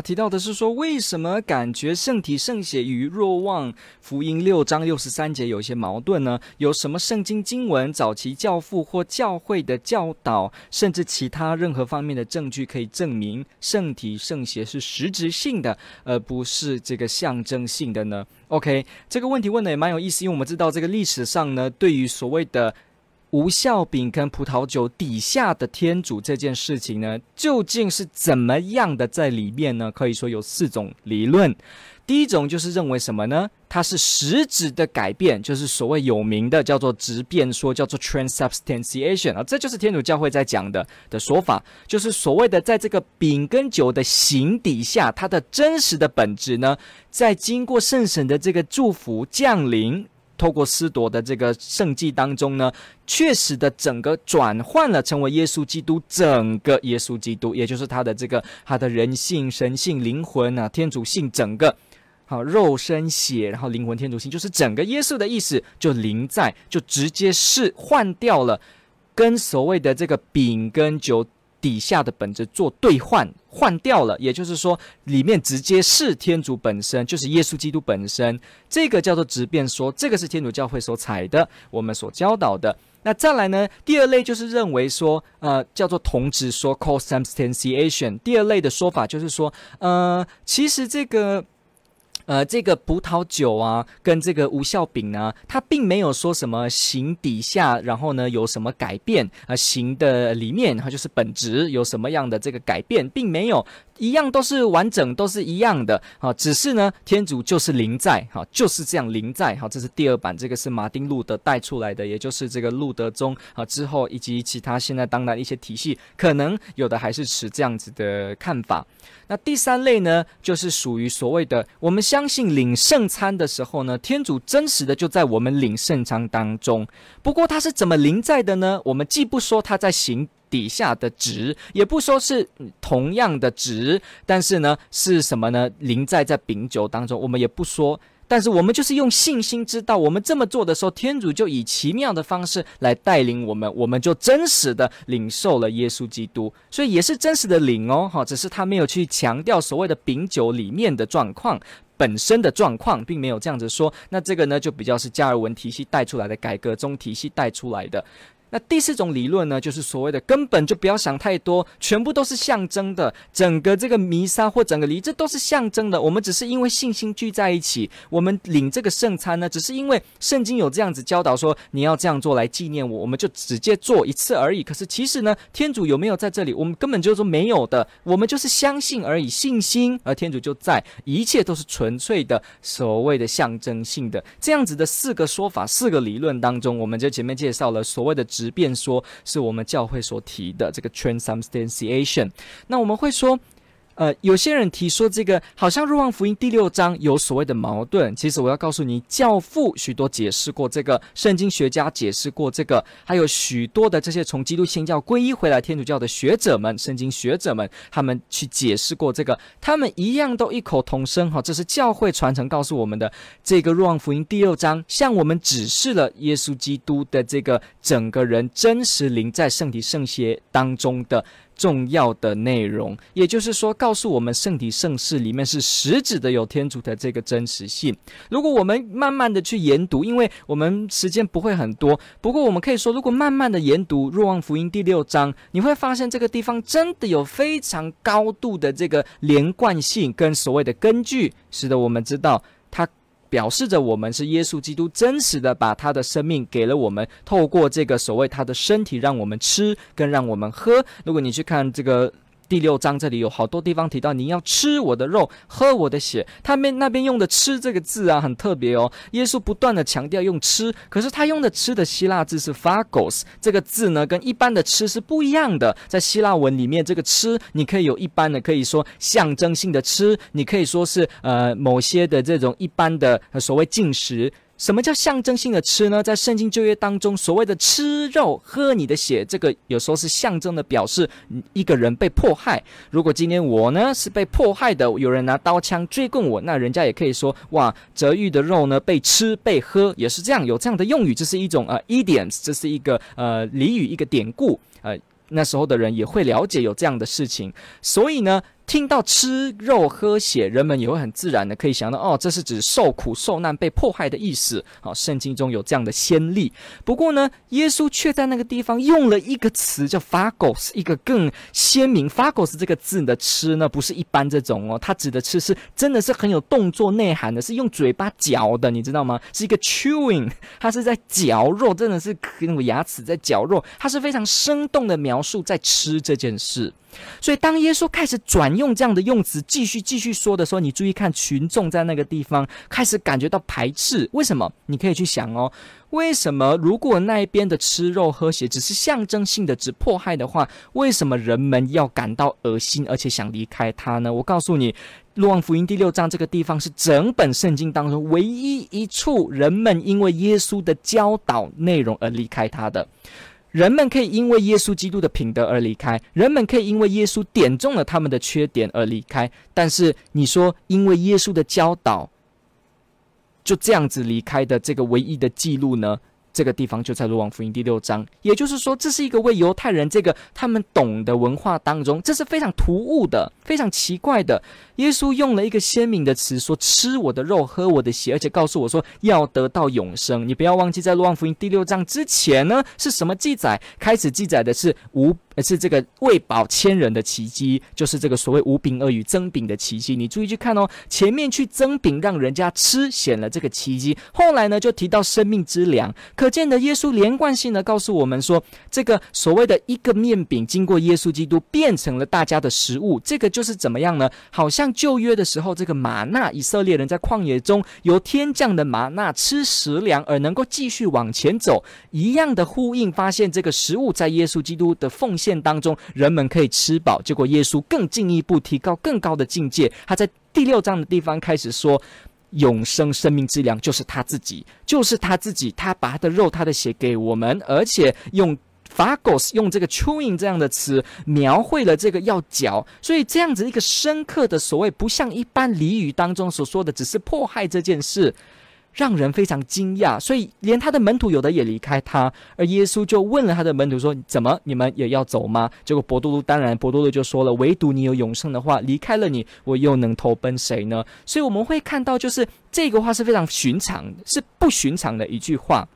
提到的是說，為什麼感覺聖體聖血與《若望福音》六章六十三節有一些矛盾呢？有什麼聖經經文、早期教父或教會的教導，甚至其他任何方面的證據可以證明聖體聖血是實質性的，而不是這個象徵性的呢？OK，這個問題問得也蠻有意思，因為我們知道這個歷史上呢，對於所謂的無酵餅跟葡萄酒底下的天主這件事情呢，究竟是怎麼樣的在裡面呢？可以說有四種理論。第一種就是認為什麼呢？它是實質的改變，就是所謂有名的叫做“質變說”，叫做 “transubstantiation”。啊，這就是天主教會在講的的說法，就是所謂的在這個餅跟酒的形底下，它的真實的本質呢，在經過聖神的這個祝福降臨。透過司鐸的這個聖蹟當中呢，確實的整個轉換了，成為耶穌基督，整個耶穌基督，也就是他的這個他的人性、神性、靈魂啊、天主性整個，好、啊、肉身血，然後靈魂天主性，就是整個耶穌的意思，就臨在，就直接是換掉了，跟所謂的這個餅跟酒。底下的本質做兌換換掉了，也就是說，裡面直接是天主本身，就是耶穌基督本身，這個叫做質變說，這個是天主教會所採的，我們所教導的。那再來呢？第二類就是認為說，呃，叫做同質說 （consubstantiation） a。第二類的說法就是說，呃，其實這個。呃，這個葡萄酒啊，跟這個無酵餅呢、啊，它並沒有說什麼形底下，然後呢有什麼改變啊？形、呃、的理念，然後就是本質有什麼樣的這個改變，並沒有。一樣都是完整，都是一樣的啊！只是呢，天主就是臨在哈，就是這樣臨在哈。這是第二版，這個是馬丁·路德帶出來的，也就是這個路德宗啊之後以及其他現在當代一些體系，可能有的還是持這樣子的看法。那第三類呢，就是屬於所謂的我們相信領聖餐的時候呢，天主真實的就在我們領聖餐當中。不過他是怎麼臨在的呢？我們既不說他在行底下的值，也不說是同樣的值，但是呢，是什麼呢？臨在在餅酒當中，我們也不說，但是我們就是用信心知道，我們這麼做的時候，天主就以奇妙的方式來帶領我們，我們就真實的領受了耶穌基督，所以也是真實的領哦，哈，只是他沒有去強調所謂的餅酒裡面的狀況本身的狀況，並沒有這樣子說。那這個呢，就比較是加爾文體系帶出來的改革宗體系帶出來的。那第四種理論呢，就是所謂的根本就不要想太多，全部都是象徵的。整個這個彌撒或整個禮這都是象徵的。我們只是因為信心聚在一起，我們領這個聖餐呢，只是因為聖經有這樣子教導說你要這樣做來紀念我，我們就直接做一次而已。可是其實呢，天主有沒有在這裡？我們根本就是說沒有的，我們就是相信而已，信心而天主就在，一切都是純粹的，所謂的象徵性的這樣子的四個說法，四個理論當中，我們就前面介紹了所謂的。直辨說是我們教會所提的這個 transubstantiation，那我們會說。呃，有些人提說這個好像《若望福音》第六章有所謂的矛盾。其實我要告訴你，教父許多解釋過這個，聖經學家解釋過這個，還有許多的這些從基督新教皈依回來天主教的學者們、聖經學者們，他們去解釋過這個，他們一樣都異口同聲哈、哦，這是教會傳承告訴我們的。這個《若望福音》第六章向我們指示了耶穌基督的這個整個人真實臨在聖體聖血當中的。重要的內容，也就是說，告訴我們聖體聖事裡面是實質的，有天主的這個真實性。如果我們慢慢的去研讀，因為我們時間不會很多，不過我們可以說，如果慢慢的研讀《若望福音》第六章，你會發現這個地方真的有非常高度的這個連貫性跟所謂的根據，使得我們知道它。表示着我們是耶穌基督真實的把他的生命給了我們，透過這個所謂他的身體，讓我們吃，更讓我們喝。如果你去看這個。第六章這裡有好多地方提到，你要吃我的肉，喝我的血。他們那邊用的“吃”這個字啊，很特別哦。耶穌不斷地強調用“吃”，可是他用的“吃的”希臘字是 phagos，這個字呢跟一般的“吃”是不一樣的。在希臘文裡面，這個“吃”你可以有一般的，可以說象徵性的吃，你可以說是呃某些的這種一般的所謂進食。什麼叫象徵性的吃呢？在聖經舊約當中，所謂的吃肉喝你的血，這個有時候是象徵的表示一個人被迫害。如果今天我呢是被迫害的，有人拿刀槍追供我，那人家也可以說：哇，哲昱的肉呢被吃被喝，也是這樣有這樣的用語，這是一種呃、uh, idioms，這是一個呃俚語一個典故。呃，那時候的人也會了解有這樣的事情，所以呢。聽到吃肉喝血，人們也會很自然的可以想到哦，這是指受苦受難、被迫害的意思。好、哦，聖經中有這樣的先例。不過呢，耶穌卻在那個地方用了一個詞叫 phagos 一個更鮮明 phagos 這個字的吃呢，不是一般這種哦，他指的吃是真的是很有動作內涵的，是用嘴巴嚼的，你知道嗎？是一個 chewing，他是在嚼肉，真的是有牙齒在嚼肉，他是非常生動的描述在吃這件事。所以，當耶穌開始轉用這樣的用詞，繼續繼續說的時候，你注意看群眾在那個地方開始感覺到排斥。為什麼？你可以去想哦，為什麼？如果那一邊的吃肉喝血只是象徵性的、只迫害的話，為什麼人們要感到噁心，而且想離開他呢？我告訴你，《若望福音》第六章這個地方是整本聖經當中唯一一處人們因為耶穌的教導內容而離開他的。人們可以因為耶穌基督的品德而離開，人們可以因為耶穌點中了他們的缺點而離開，但是你說因為耶穌的教導就這樣子離開的這個唯一的記錄呢？這個地方就在《若望福音》第六章，也就是說，這是一個為猶太人這個他們懂的文化當中，這是非常突兀的、非常奇怪的。耶穌用了一個鮮明的詞說：“吃我的肉，喝我的血。”而且告訴我說要得到永生。你不要忘記，在《若望福音》第六章之前呢是什麼記載？開始記載的是無。是這個餵飽千人的奇蹟，就是這個所謂五餅二魚增餅的奇蹟。你注意去看哦，前面去增餅，讓人家吃顯了這個奇蹟。後來呢，就提到生命之糧，可見的耶穌連貫性的告訴我們說，這個所謂的一個麵餅，經過耶穌基督變成了大家的食物。這個就是怎麼樣呢？好像舊約的時候，這個瑪納以色列人在曠野中由天降的瑪納吃食糧而能夠繼續往前走一樣的呼應。發現這個食物在耶穌基督的奉獻。當中，人們可以吃飽。結果，耶穌更進一步提高更高的境界。他在第六章的地方開始說，永生生命之糧就是他自己，就是他自己。他把他的肉、他的血給我們，而且用 phagos 用這個 chewing 這樣的詞描繪了這個要嚼。所以，這樣子一個深刻的所謂，不像一般俚語當中所說的，只是迫害這件事。讓人非常驚訝，所以連他的門徒有的也離開他，而耶穌就問了他的門徒說：“怎麼你們也要走嗎？”結果伯多祿當然伯多祿就說了：“唯獨你有永生的話，離開了你，我又能投奔誰呢？”所以我們會看到，就是這個話是非常尋常，是不尋常的一句話。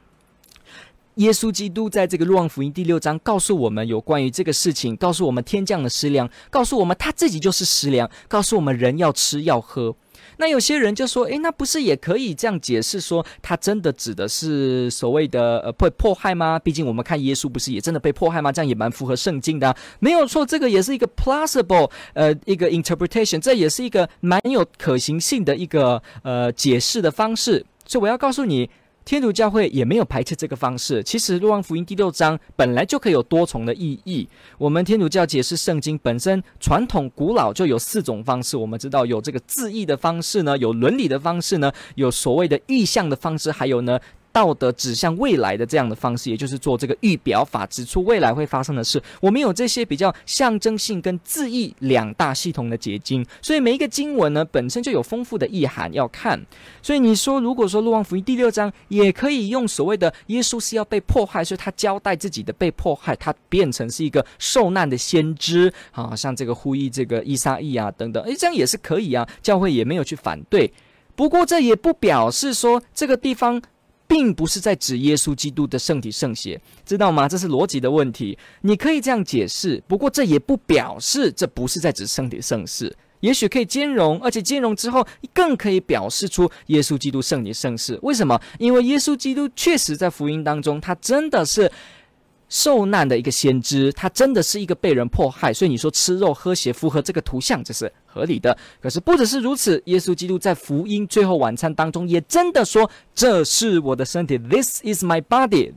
耶穌基督在這個若望福音第六章告訴我們有關於這個事情，告訴我們天降的食糧，告訴我們他自己就是食糧，告訴我們人要吃要喝。那有些人就說，誒，那不是也可以這樣解釋，說他真的指的是所謂的呃被迫害嗎？畢竟我們看耶穌不是也真的被迫害嗎？這樣也蠻符合聖經的啊。沒有錯，這個也是一個 plausible 呃一個 interpretation，這也是一個蠻有可行性的一個呃解釋的方式。所以我要告訴你。天主教會也沒有排斥這個方式。其實《若望福音》第六章本來就可以有多重的意義。我們天主教解釋聖經本身傳統古老就有四種方式。我們知道有這個字義的方式呢，有倫理的方式呢，有所謂的意向的方式，還有呢。道德指向未來的這樣的方式，也就是做這個預表法，指出未來會發生的事。我們有這些比較象徵性跟字義兩大系統的結晶，所以每一個經文呢本身就有豐富的意涵要看。所以你說，如果說《若望福音》第六章也可以用所謂的耶穌是要被迫害，所以他交代自己的被迫害，他變成是一個受難的先知啊，像這個呼籲這個依撒意啊等等，哎，這樣也是可以啊，教會也沒有去反對。不過這也不表示說這個地方。並不是在指耶穌基督的聖體聖血，知道嗎？這是邏輯的問題。你可以這樣解釋，不過這也不表示這不是在指聖體聖事。也許可以兼容，而且兼容之後更可以表示出耶穌基督聖體聖事。為什麼？因為耶穌基督確實在福音當中，他真的是。受難的一個先知，他真的是一個被人迫害，所以你說吃肉喝血符合這個圖像，這是合理的。可是不只是如此，耶穌基督在福音最後晚餐當中也真的說：“這是我的身體，This is my body，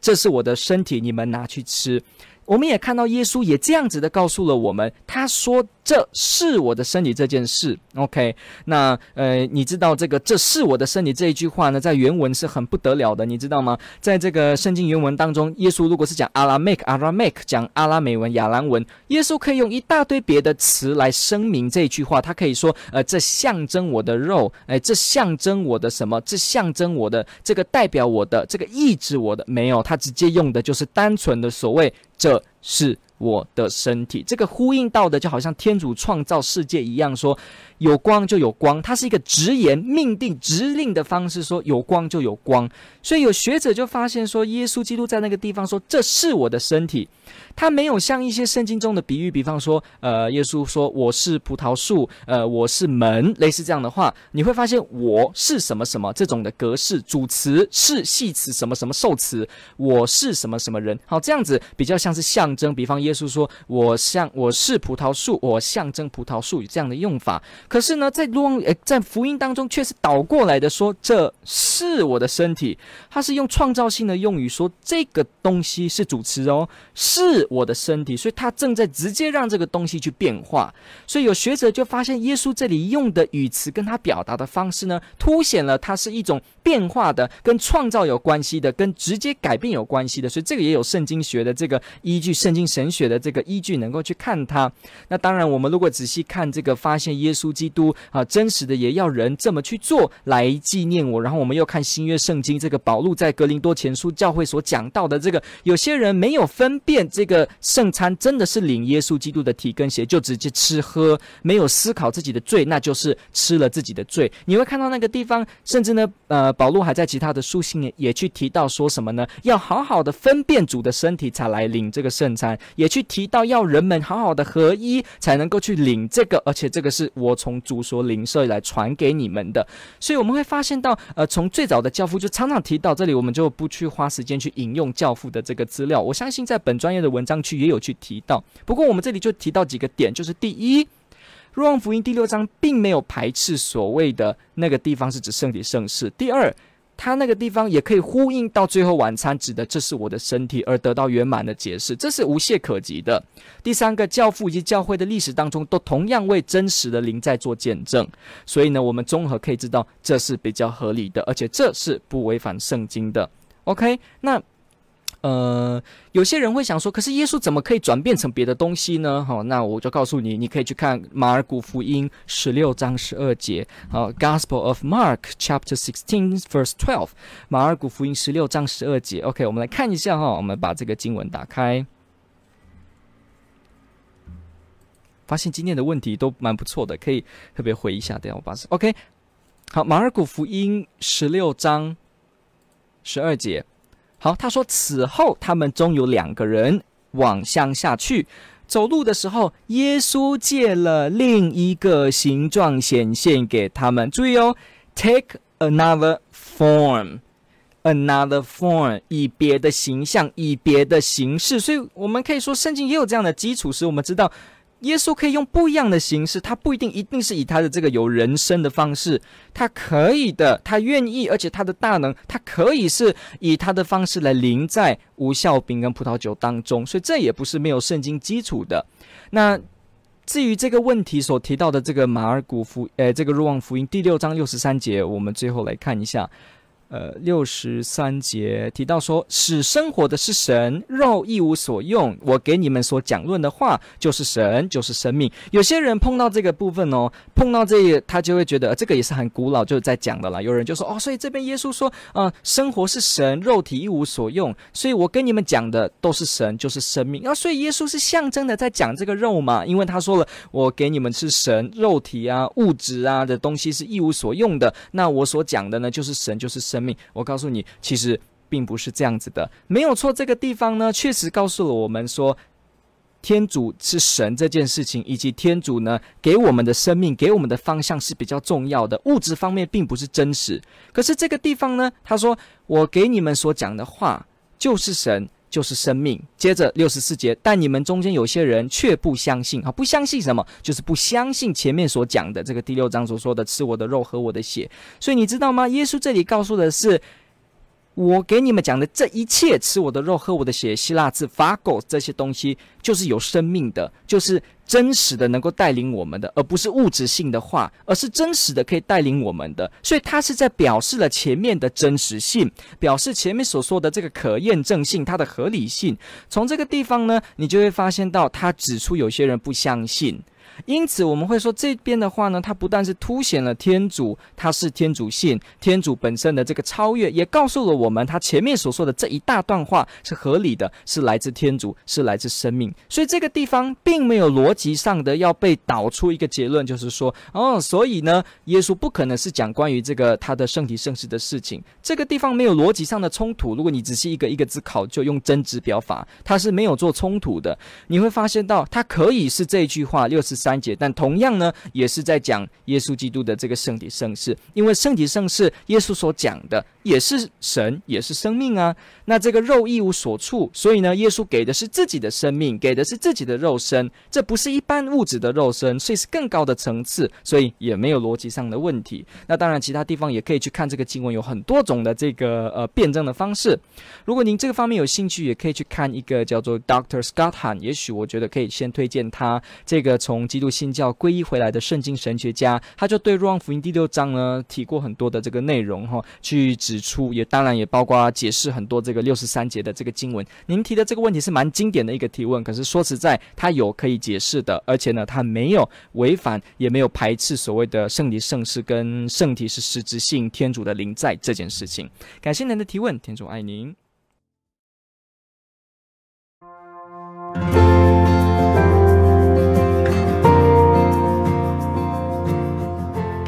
這是我的身體，你們拿去吃。”我們也看到耶穌也這樣子的告訴了我們，他說。這是我的身體這件事，OK，那呃，你知道這個這是我的身體這一句話呢，在原文是很不得了的，你知道嗎？在這個聖經原文當中，耶穌如果是講阿拉美克、阿拉美克，講阿拉美文、亞蘭文，耶穌可以用一大堆別的詞來聲明這一句話，他可以說，呃，這象徵我的肉，誒、呃，這象徵我的什麼？這象徵我的這個代表我的這個意志，我的沒有，他直接用的就是單純的所謂這是。我的身體，這個呼應到的就好像天主創造世界一樣說，說有光就有光，它是一個直言命定指令的方式說，說有光就有光。所以有學者就發現說，耶穌基督在那個地方說這是我的身體，他沒有像一些聖經中的比喻，比方說，呃，耶穌說我是葡萄樹，呃，我是門，類似這樣的話，你會發現我是什麼什麼這種的格式，主詞是繫詞什麼什麼受詞，我是什麼什麼人，好，這樣子比較像是象徵，比方耶。耶穌說：“我像我是葡萄樹，我象徵葡萄樹。”有這樣的用法。可是呢，在路、哎、在福音當中卻是倒過來的，說：“這是我的身體。”他是用創造性的用語說，這個東西是主持哦，是我的身體。所以他正在直接讓這個東西去變化。所以有學者就發現，耶穌這裡用的語詞跟他表達的方式呢，凸顯了它是一種變化的、跟創造有關係的、跟直接改變有關係的。所以這個也有聖經學的這個依據，聖經神學。學的這個依據能夠去看它，那當然我們如果仔細看這個發現耶穌基督啊真實的也要人這麼去做來紀念我，然後我們又看新約聖經這個保祿在格林多前書教會所講到的這個有些人沒有分辨這個聖餐真的是領耶穌基督的體跟血，就直接吃喝沒有思考自己的罪那就是吃了自己的罪。你會看到那個地方，甚至呢呃保祿還在其他的書信也,也去提到說什麼呢？要好好的分辨主的身體才來領這個聖餐也。去提到要人們好好的合一才能夠去領這個，而且這個是我從主所領受來傳給你們的，所以我們會發現到，呃，從最早的教父就常常提到這裡，我們就不去花時間去引用教父的這個資料。我相信在本專頁的文章區也有去提到，不過我們這裡就提到幾個點，就是第一，《若望福音》第六章並沒有排斥所謂的那個地方是指聖體聖事。第二。他那個地方也可以呼應到最後晚餐，指的這是我的身體而得到圓滿的解釋，這是無懈可擊的。第三個，教父以及教會的歷史當中都同樣為真實的臨在做見證，所以呢，我們綜合可以知道這是比較合理的，而且這是不違反聖經的。OK，那。呃，有些人會想說，可是耶穌怎麼可以轉變成別的東西呢？好、哦，那我就告訴你，你可以去看馬爾谷福音十六章十二節。好、哦，《Gospel of Mark》Chapter Sixteen, Verse Twelve。馬爾谷福音十六章十二節。OK，我們來看一下哈、哦，我們把這個經文打開，發現今天的問題都蠻不錯的，可以特別回一下。等下我把手 OK。好，《馬爾谷福音》十六章十二節。好，他說，此後他們中有兩個人往鄉下去，走路的時候，耶穌借了另一個形狀顯現給他們。注意哦，take another form，another form 以別的形象，以別的形式。所以，我們可以說聖經也有這樣的基礎，使我們知道。耶穌可以用不一樣的形式，他不一定一定是以他的這個有人身的方式，他可以的，他願意，而且他的大能，他可以是以他的方式來臨在無酵餅跟葡萄酒當中，所以這也不是沒有聖經基礎的。那至於這個問題所提到的這個馬爾谷福，呃，這個若望福音第六章六十三節，我們最後來看一下。呃，六十三節提到說，使生活的是神，肉一無所用。我給你們所講論的話，就是神，就是生命。有些人碰到這個部分哦，碰到這個他就會覺得這個也是很古老，就是在講的啦。有人就說哦，所以這邊耶穌說，啊、呃，生活是神，肉體一無所用。所以我跟你們講的都是神，就是生命。啊，所以耶穌是象徵的在講這個肉嘛，因為他說了，我給你們是神，肉體啊、物質啊的東西是一無所用的。那我所講的呢，就是神，就是生命。命，我告訴你，其實並不是這樣子的，沒有錯。這個地方呢，確實告訴了我們說，天主是神這件事情，以及天主呢給我們的生命、給我們的方向是比較重要的。物質方面並不是真實。可是這個地方呢，他說我給你們所講的話就是神。就是生命。接着六十四節，但你們中間有些人卻不相信啊！不相信什麼？就是不相信前面所講的這個第六章所說的吃我的肉、喝我的血。所以你知道嗎？耶穌這裡告訴的是。我給你們講的這一切，吃我的肉，喝我的血，希臘字 phagos 這些東西，就是有生命的，就是真實的，能夠帶領我們的，而不是物質性的話，而是真實的可以帶領我們的。所以，他是在表示了前面的真實性，表示前面所說的這個可驗證性，它的合理性。從這個地方呢，你就會發現到，他指出有些人不相信。因此，我們會說這邊的話呢，它不但是凸顯了天主，它是天主性、天主本身的這個超越，也告訴了我們，它前面所說的這一大段話是合理的，是來自天主，是來自生命。所以這個地方並沒有邏輯上的要被導出一個結論，就是說，哦，所以呢，耶穌不可能是講關於這個他的聖體聖事的事情。這個地方沒有邏輯上的衝突。如果你只是一個一個字考究，用真值表法，它是沒有做衝突的。你會發現到，它可以是這一句話六十三節，但同樣呢，也是在講耶穌基督的這個聖體聖事，因為聖體聖事，耶穌所講的也是神，也是生命啊。那這個肉一無所處，所以呢，耶穌給的是自己的生命，給的是自己的肉身，這不是一般物質的肉身，所以是更高的層次，所以也沒有邏輯上的問題。那當然，其他地方也可以去看這個經文，有很多種的這個呃辯證的方式。如果您這個方面有興趣，也可以去看一個叫做 Doctor Scott Hahn，也許我覺得可以先推薦他這個從。基督新教皈依回來的聖經神學家，他就對若望福音第六章呢提過很多的這個內容哈、哦，去指出，也當然也包括解釋很多這個六十三節的這個經文。您提的這個問題是蠻經典的一個提問，可是說實在，他有可以解釋的，而且呢，他沒有違反，也沒有排斥所謂的聖體聖事跟聖體是實質性天主的臨在這件事情。感謝您的提問，天主愛您。